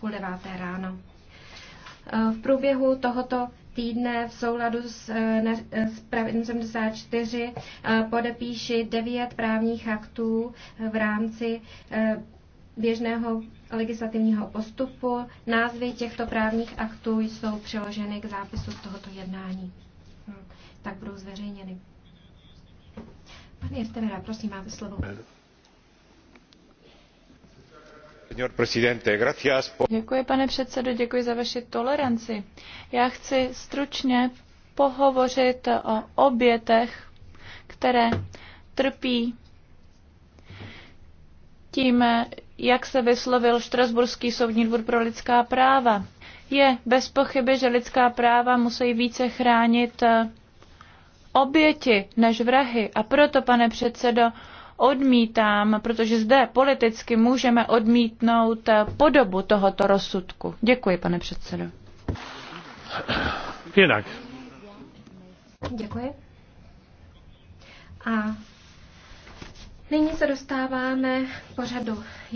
půl deváté ráno. Eh, v průběhu tohoto týdne v souladu s, eh, s pravidlem 74 eh, podepíši devět právních aktů v rámci běžného legislativního postupu. Názvy těchto právních aktů jsou přiloženy k zápisu tohoto jednání. Hm, tak budou zveřejněny. Pane Irtevera, prosím, máte slovo. Děkuji, pane předsedající děkuji za vaši toleranci. Já chci stručně pohovořit o obětech, které trpí tím, jak se vyslovil Štrasburský soudní dvůr pro lidská práva. Je bezpochyby, že lidská práva musí více chránit oběti než vrahy. A proto, pane předsedo, odmítám, protože zde politicky můžeme odmítnout podobu tohoto rozsudku. Děkuji, pane předsedo. Jinak. Děkuji. A nyní se dostáváme k pořadu